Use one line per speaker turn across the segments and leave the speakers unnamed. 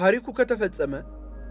ታሪኩ ከተፈጸመ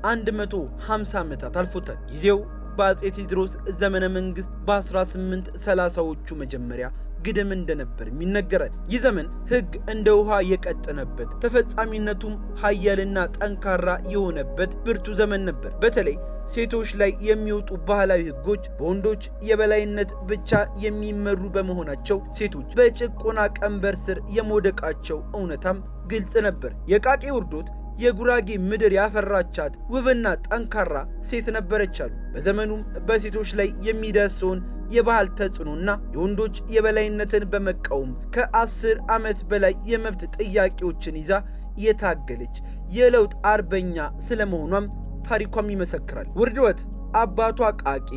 150 ዓመታት አልፎታል። ጊዜው በአጼ ቴዎድሮስ ዘመነ መንግስት በ1830ዎቹ መጀመሪያ ግድም እንደነበርም ይነገራል። ይህ ዘመን ሕግ እንደ ውሃ የቀጠነበት ተፈጻሚነቱም ሀያልና ጠንካራ የሆነበት ብርቱ ዘመን ነበር። በተለይ ሴቶች ላይ የሚወጡ ባህላዊ ሕጎች በወንዶች የበላይነት ብቻ የሚመሩ በመሆናቸው ሴቶች በጭቆና ቀንበር ስር የመውደቃቸው እውነታም ግልጽ ነበር። የቃቄ ውርዶት የጉራጌ ምድር ያፈራቻት ውብና ጠንካራ ሴት ነበረች አሉ። በዘመኑም በሴቶች ላይ የሚደርሰውን የባህል ተጽዕኖና የወንዶች የበላይነትን በመቃወም ከአስር ዓመት በላይ የመብት ጥያቄዎችን ይዛ የታገለች የለውጥ አርበኛ ስለመሆኗም ታሪኳም ይመሰክራል። ውርድወት አባቷ ቃቂ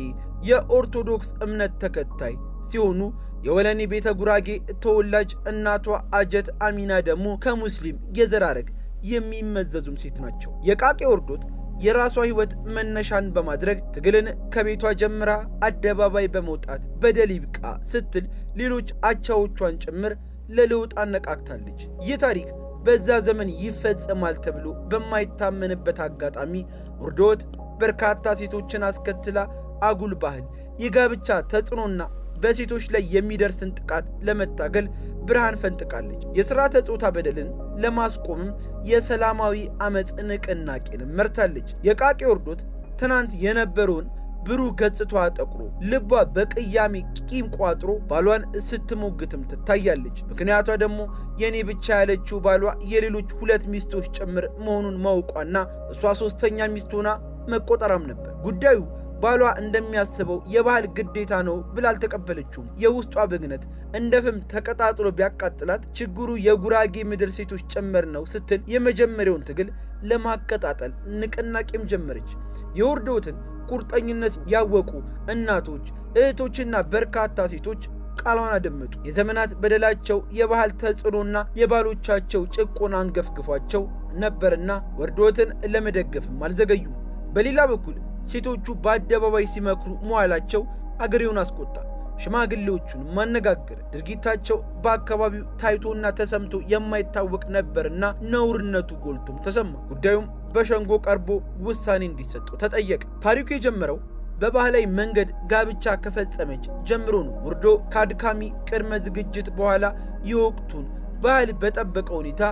የኦርቶዶክስ እምነት ተከታይ ሲሆኑ የወለኔ ቤተ ጉራጌ ተወላጅ እናቷ አጀት አሚና ደግሞ ከሙስሊም የዘራረግ የሚመዘዙም ሴት ናቸው። የቃቄ ወርዶት የራሷ ህይወት መነሻን በማድረግ ትግልን ከቤቷ ጀምራ አደባባይ በመውጣት በደል ይብቃ ስትል ሌሎች አቻዎቿን ጭምር ለለውጥ አነቃቅታለች። ይህ ታሪክ በዛ ዘመን ይፈጸማል ተብሎ በማይታመንበት አጋጣሚ ውርዶት በርካታ ሴቶችን አስከትላ አጉል ባህል፣ የጋብቻ ተጽዕኖና በሴቶች ላይ የሚደርስን ጥቃት ለመታገል ብርሃን ፈንጥቃለች። የስርዓተ ጾታ በደልን ለማስቆምም የሰላማዊ አመፅ ንቅናቄንም መርታለች። የቃቂ ወርዶት ትናንት የነበረውን ብሩህ ገጽቷ ጠቁሮ ልቧ በቅያሜ ቂም ቋጥሮ ባሏን ስትሞግትም ትታያለች። ምክንያቷ ደግሞ የእኔ ብቻ ያለችው ባሏ የሌሎች ሁለት ሚስቶች ጭምር መሆኑን ማውቋና እሷ ሶስተኛ ሚስት ሆና መቆጠራም ነበር ጉዳዩ ባሏ እንደሚያስበው የባህል ግዴታ ነው ብላ አልተቀበለችውም። የውስጧ ብግነት እንደ ፍም ተቀጣጥሎ ቢያቃጥላት ችግሩ የጉራጌ ምድር ሴቶች ጭምር ነው ስትል የመጀመሪያውን ትግል ለማቀጣጠል ንቅናቄም ጀመረች። የወርዶትን ቁርጠኝነት ያወቁ እናቶች፣ እህቶችና በርካታ ሴቶች ቃሏን አደመጡ። የዘመናት በደላቸው የባህል ተጽዕኖና የባሎቻቸው ጭቆና አንገፍግፏቸው ነበርና ወርዶትን ለመደገፍም አልዘገዩም። በሌላ በኩል ሴቶቹ በአደባባይ ሲመክሩ መዋላቸው አገሬውን አስቆጣ። ሽማግሌዎቹን ማነጋገር ድርጊታቸው በአካባቢው ታይቶና ተሰምቶ የማይታወቅ ነበርና ነውርነቱ ጎልቶም ተሰማ። ጉዳዩም በሸንጎ ቀርቦ ውሳኔ እንዲሰጠው ተጠየቀ። ታሪኩ የጀመረው በባህላዊ መንገድ ጋብቻ ከፈጸመች ጀምሮ ነው። ውርዶ ከአድካሚ ቅድመ ዝግጅት በኋላ የወቅቱን ባህል በጠበቀ ሁኔታ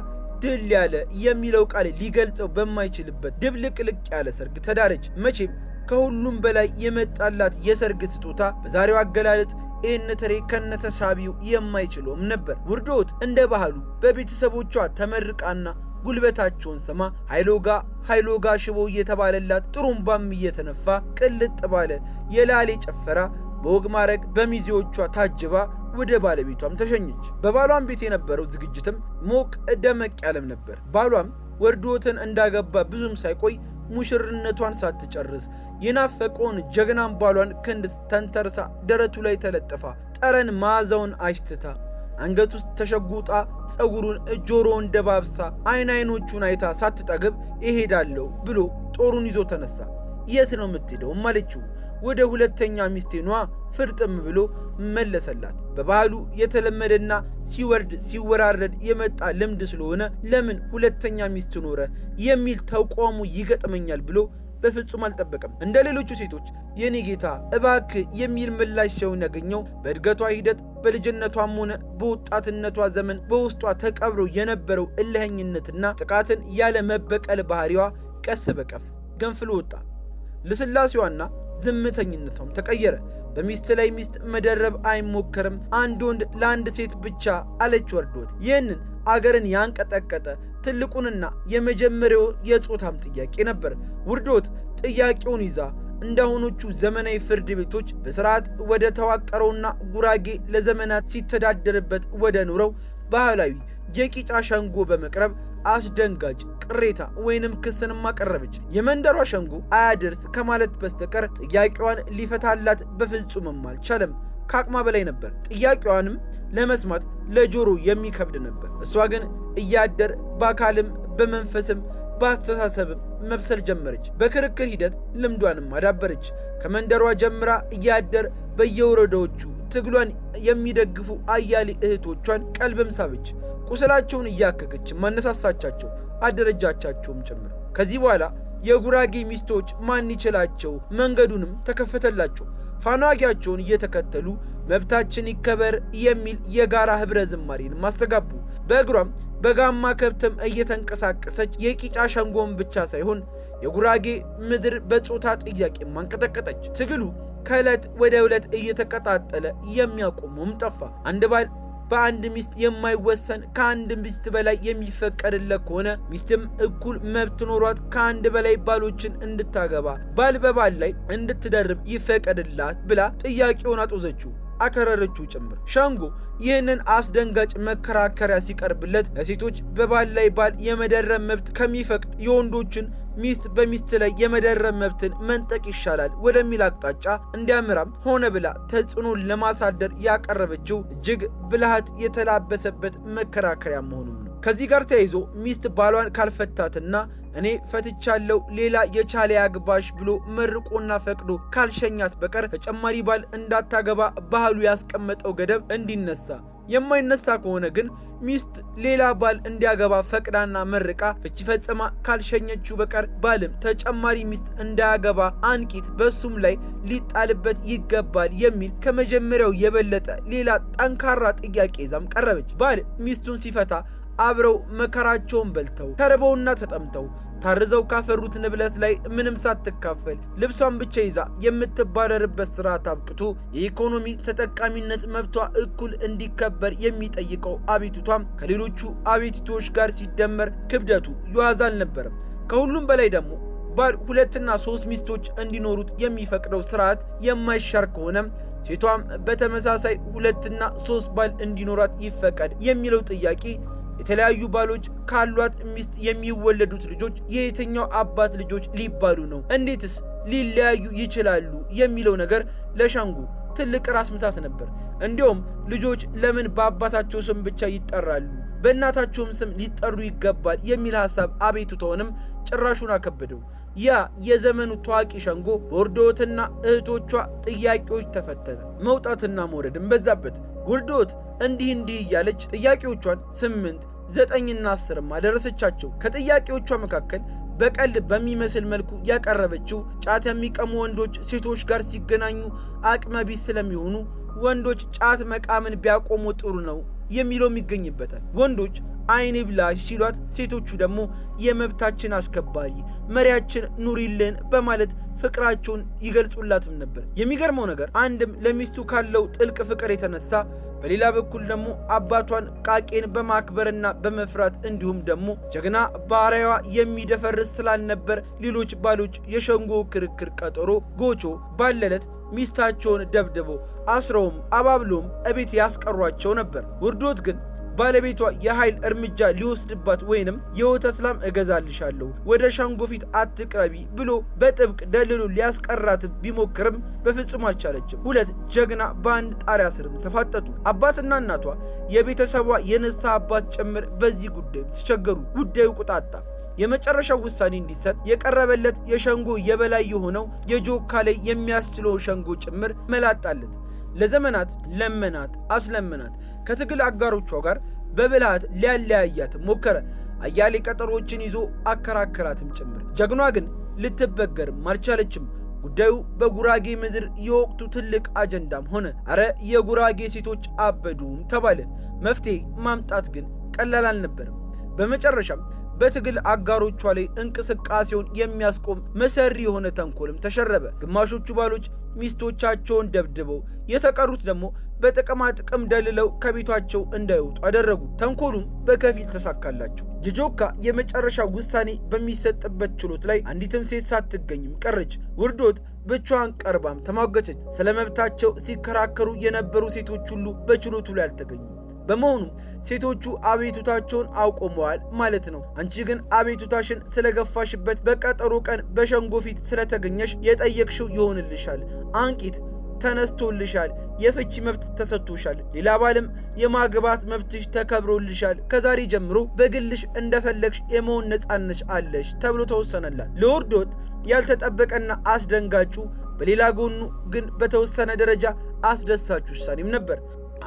ድል ያለ የሚለው ቃል ሊገልጸው በማይችልበት ድብልቅልቅ ያለ ሰርግ ተዳረች። መቼም ከሁሉም በላይ የመጣላት የሰርግ ስጦታ በዛሬው አገላለጽ ኤንትሬ ከነተሳቢው የማይችለውም ነበር። ውርዶት እንደ ባህሉ በቤተሰቦቿ ተመርቃና ጉልበታቸውን ስማ ኃይሎጋ ኃይሎጋ ሽቦ እየተባለላት ጥሩምባም እየተነፋ ቅልጥ ባለ የላሌ ጨፈራ በወግ ማረግ በሚዜዎቿ ታጅባ ወደ ባለቤቷም ተሸኘች። በባሏም ቤት የነበረው ዝግጅትም ሞቅ ደመቅ ያለም ነበር። ባሏም ወርዶትን እንዳገባ ብዙም ሳይቆይ ሙሽርነቷን ሳትጨርስ የናፈቀውን ጀግናን ባሏን ክንድ ተንተርሳ ደረቱ ላይ ተለጥፋ ጠረን መዓዛውን አሽትታ አንገት ውስጥ ተሸጉጣ ፀጉሩን እጆሮውን ደባብሳ አይን አይኖቹን አይታ ሳትጠግብ እሄዳለሁ ብሎ ጦሩን ይዞ ተነሳ። የት ነው የምትሄደውም አለችው። ወደ ሁለተኛ ሚስቴኗ ፍርጥም ብሎ መለሰላት። በባህሉ የተለመደና ሲወርድ ሲወራረድ የመጣ ልምድ ስለሆነ ለምን ሁለተኛ ሚስት ኖረ የሚል ተቋሙ ይገጥመኛል ብሎ በፍጹም አልጠበቀም። እንደ ሌሎቹ ሴቶች የኔ ጌታ እባክ የሚል ምላሽ ሲሆን ያገኘው በእድገቷ ሂደት በልጅነቷም ሆነ በወጣትነቷ ዘመን በውስጧ ተቀብሮ የነበረው እልህኝነትና ጥቃትን ያለ መበቀል ባህሪዋ ቀስ በቀስ ገንፍሎ ወጣ። ልስላሴዋና ዝምተኝነቷም ተቀየረ። በሚስት ላይ ሚስት መደረብ አይሞከርም፣ አንድ ወንድ ለአንድ ሴት ብቻ አለች ወርዶት። ይህንን አገርን ያንቀጠቀጠ ትልቁንና የመጀመሪያው የጾታም ጥያቄ ነበር። ውርዶት ጥያቄውን ይዛ እንዳሁኖቹ ዘመናዊ ፍርድ ቤቶች በስርዓት ወደ ተዋቀረውና ጉራጌ ለዘመናት ሲተዳደርበት ወደ ኑረው ባህላዊ የቂጫ ሸንጎ በመቅረብ አስደንጋጭ ቅሬታ ወይንም ክስን ማቀረበች። የመንደሯ ሸንጎ አያድርስ ከማለት በስተቀር ጥያቄዋን ሊፈታላት በፍጹምም አልቻለም። ከአቅማ በላይ ነበር። ጥያቄዋንም ለመስማት ለጆሮ የሚከብድ ነበር። እሷ ግን እያደር በአካልም በመንፈስም በአስተሳሰብም መብሰል ጀመረች። በክርክር ሂደት ልምዷንም አዳበረች። ከመንደሯ ጀምራ እያደር በየወረዳዎቹ ትግሏን የሚደግፉ አያሌ እህቶቿን ቀልብም ሳበች። ቁስላቸውን እያከከች ማነሳሳቻቸው፣ አደረጃቻቸውም ጭምር ከዚህ በኋላ የጉራጌ ሚስቶች ማን ይችላቸው መንገዱንም ተከፈተላቸው። ፋናጊያቸውን እየተከተሉ መብታችን ይከበር የሚል የጋራ ህብረ ዝማሬን ማስተጋቡ። በእግሯም በጋማ ከብትም እየተንቀሳቀሰች የቂጫ ሸንጎን ብቻ ሳይሆን የጉራጌ ምድር በጾታ ጥያቄ ማንቀጠቀጠች። ትግሉ ከዕለት ወደ ዕለት እየተቀጣጠለ የሚያቆመውም ጠፋ። አንድ ባል በአንድ ሚስት የማይወሰን ከአንድ ሚስት በላይ የሚፈቀድለት ከሆነ ሚስትም እኩል መብት ኖሯት ከአንድ በላይ ባሎችን እንድታገባ ባል በባል ላይ እንድትደርብ ይፈቀድላት ብላ ጥያቄውን አጦዘችው፣ አከረረችው ጭምር። ሻንጎ ይህንን አስደንጋጭ መከራከሪያ ሲቀርብለት ለሴቶች በባል ላይ ባል የመደረብ መብት ከሚፈቅድ የወንዶችን ሚስት በሚስት ላይ የመደረብ መብትን መንጠቅ ይሻላል ወደሚል አቅጣጫ እንዲያምራም ሆነ ብላ ተጽዕኖ ለማሳደር ያቀረበችው እጅግ ብልሃት የተላበሰበት መከራከሪያ መሆኑም ነው። ከዚህ ጋር ተያይዞ ሚስት ባሏን ካልፈታትና እኔ ፈትቻለሁ ሌላ የቻለ ያግባሽ ብሎ መርቆና ፈቅዶ ካልሸኛት በቀር ተጨማሪ ባል እንዳታገባ ባህሉ ያስቀመጠው ገደብ እንዲነሳ የማይነሳ ከሆነ ግን ሚስት ሌላ ባል እንዲያገባ ፈቅዳና መርቃ ፍቺ ፈጽማ ካልሸኘችው በቀር ባልም ተጨማሪ ሚስት እንዳያገባ አንቂት በሱም ላይ ሊጣልበት ይገባል የሚል ከመጀመሪያው የበለጠ ሌላ ጠንካራ ጥያቄ ይዛም ቀረበች። ባል ሚስቱን ሲፈታ አብረው መከራቸውን በልተው ተርበውና ተጠምተው ታርዘው ካፈሩት ንብለት ላይ ምንም ሳትካፈል ልብሷን ብቻ ይዛ የምትባረርበት ስርዓት አብቅቶ የኢኮኖሚ ተጠቃሚነት መብቷ እኩል እንዲከበር የሚጠይቀው አቤቱቷም ከሌሎቹ አቤቲቶች ጋር ሲደመር ክብደቱ ይዋዝ አልነበረም። ከሁሉም በላይ ደግሞ ባል ሁለትና ሶስት ሚስቶች እንዲኖሩት የሚፈቅደው ስርዓት የማይሻር ከሆነ ሴቷም በተመሳሳይ ሁለትና ሶስት ባል እንዲኖራት ይፈቀድ የሚለው ጥያቄ የተለያዩ ባሎች ካሏት ሚስት የሚወለዱት ልጆች የየትኛው አባት ልጆች ሊባሉ ነው? እንዴትስ ሊለያዩ ይችላሉ? የሚለው ነገር ለሻንጉ ትልቅ ራስ ምታት ነበር። እንዲሁም ልጆች ለምን በአባታቸው ስም ብቻ ይጠራሉ? በእናታቸውም ስም ሊጠሩ ይገባል የሚል ሀሳብ አቤቱታውንም ጭራሹን አከበደው። ያ የዘመኑ ታዋቂ ሸንጎ ወርዶትና እህቶቿ ጥያቄዎች ተፈተነ። መውጣትና መውረድም በዛበት። ውርዶት እንዲህ እንዲህ እያለች ጥያቄዎቿን ስምንት ዘጠኝና አስርም አደረሰቻቸው። ከጥያቄዎቿ መካከል በቀል በሚመስል መልኩ ያቀረበችው ጫት የሚቀሙ ወንዶች ሴቶች ጋር ሲገናኙ አቅመ ቢስ ስለሚሆኑ ወንዶች ጫት መቃምን ቢያቆሙ ጥሩ ነው የሚለውም ይገኝበታል። ወንዶች አይኔ ብላሽ ሲሏት፣ ሴቶቹ ደግሞ የመብታችን አስከባሪ መሪያችን ኑሪልን በማለት ፍቅራቸውን ይገልጹላትም ነበር። የሚገርመው ነገር አንድም ለሚስቱ ካለው ጥልቅ ፍቅር የተነሳ በሌላ በኩል ደግሞ አባቷን ቃቄን በማክበርና በመፍራት እንዲሁም ደግሞ ጀግና ባሪያዋ የሚደፈርስ ስላልነበር ሌሎች ባሎች የሸንጎ ክርክር ቀጠሮ ጎቾ ባለለት ሚስታቸውን ደብድበው አስረውም አባብሎም እቤት ያስቀሯቸው ነበር። ውርዶት ግን ባለቤቷ የኃይል እርምጃ ሊወስድባት ወይንም የወተት ላም እገዛልሻለሁ ወደ ሻንጎ ፊት አትቅረቢ ብሎ በጥብቅ ደልሎ ሊያስቀራት ቢሞክርም በፍጹም አልቻለችም። ሁለት ጀግና በአንድ ጣሪያ ስርም ተፋጠጡ። አባትና እናቷ የቤተሰቧ የነሳ አባት ጭምር በዚህ ጉዳይ ተቸገሩ። ጉዳዩ ቁጣጣ የመጨረሻው ውሳኔ እንዲሰጥ የቀረበለት የሸንጎ የበላይ የሆነው የጆካ ላይ የሚያስችለው ሸንጎ ጭምር መላጣለት። ለዘመናት ለመናት አስለመናት። ከትግል አጋሮቿ ጋር በብልሃት ሊያለያያት ሞከረ። አያሌ ቀጠሮዎችን ይዞ አከራከራትም ጭምር። ጀግኗ ግን ልትበገርም አልቻለችም። ጉዳዩ በጉራጌ ምድር የወቅቱ ትልቅ አጀንዳም ሆነ። አረ የጉራጌ ሴቶች አበዱም ተባለ። መፍትሄ ማምጣት ግን ቀላል አልነበርም። በመጨረሻም በትግል አጋሮቿ ላይ እንቅስቃሴውን የሚያስቆም መሰሪ የሆነ ተንኮልም ተሸረበ። ግማሾቹ ባሎች ሚስቶቻቸውን ደብድበው የተቀሩት ደግሞ በጥቅማ ጥቅም ደልለው ከቤታቸው እንዳይወጡ አደረጉ። ተንኮሉም በከፊል ተሳካላቸው። ጅጆካ የመጨረሻ ውሳኔ በሚሰጥበት ችሎት ላይ አንዲትም ሴት ሳትገኝም ቀረች። ውርዶት ብቻዋን ቀርባም ተሟገተች። ስለ መብታቸው ሲከራከሩ የነበሩ ሴቶች ሁሉ በችሎቱ ላይ አልተገኙም። በመሆኑም ሴቶቹ አቤቱታቸውን አቁመዋል ማለት ነው። አንቺ ግን አቤቱታሽን ስለገፋሽበት በቀጠሮ ቀን በሸንጎ ፊት ስለተገኘሽ የጠየቅሽው ይሆንልሻል። አንቂት ተነስቶልሻል። የፍቺ መብት ተሰጥቶሻል። ሌላ ባልም የማግባት መብትሽ ተከብሮልሻል። ከዛሬ ጀምሮ በግልሽ እንደፈለግሽ የመሆን ነጻነሽ አለሽ ተብሎ ተወሰነላት። ሎርድ ያልተጠበቀና አስደንጋጩ፣ በሌላ ጎኑ ግን በተወሰነ ደረጃ አስደሳች ውሳኔም ነበር።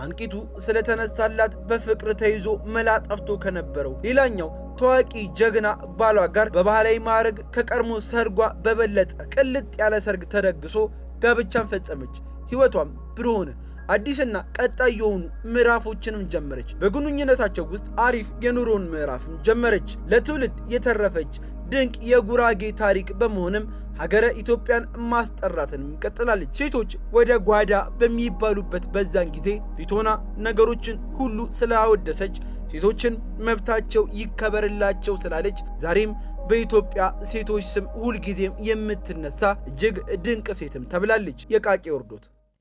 አንቂቱ ስለተነሳላት በፍቅር ተይዞ መላ ጠፍቶ ከነበረው ሌላኛው ታዋቂ ጀግና ባሏ ጋር በባህላዊ ማዕረግ ከቀድሞ ሰርጓ በበለጠ ቅልጥ ያለ ሰርግ ተደግሶ ጋብቻን ፈጸመች። ሕይወቷም ብሩህ ሆነ። አዲስና ቀጣይ የሆኑ ምዕራፎችንም ጀመረች። በግንኙነታቸው ውስጥ አሪፍ የኑሮን ምዕራፍም ጀመረች። ለትውልድ የተረፈች ድንቅ የጉራጌ ታሪክ በመሆንም ሀገረ ኢትዮጵያን ማስጠራትን ቀጥላለች። ሴቶች ወደ ጓዳ በሚባሉበት በዛን ጊዜ ፊቶና ነገሮችን ሁሉ ስላወደሰች፣ ሴቶችን መብታቸው ይከበርላቸው ስላለች ዛሬም በኢትዮጵያ ሴቶች ስም ሁልጊዜም የምትነሳ እጅግ ድንቅ ሴትም ተብላለች። የቃቄ ወርዶት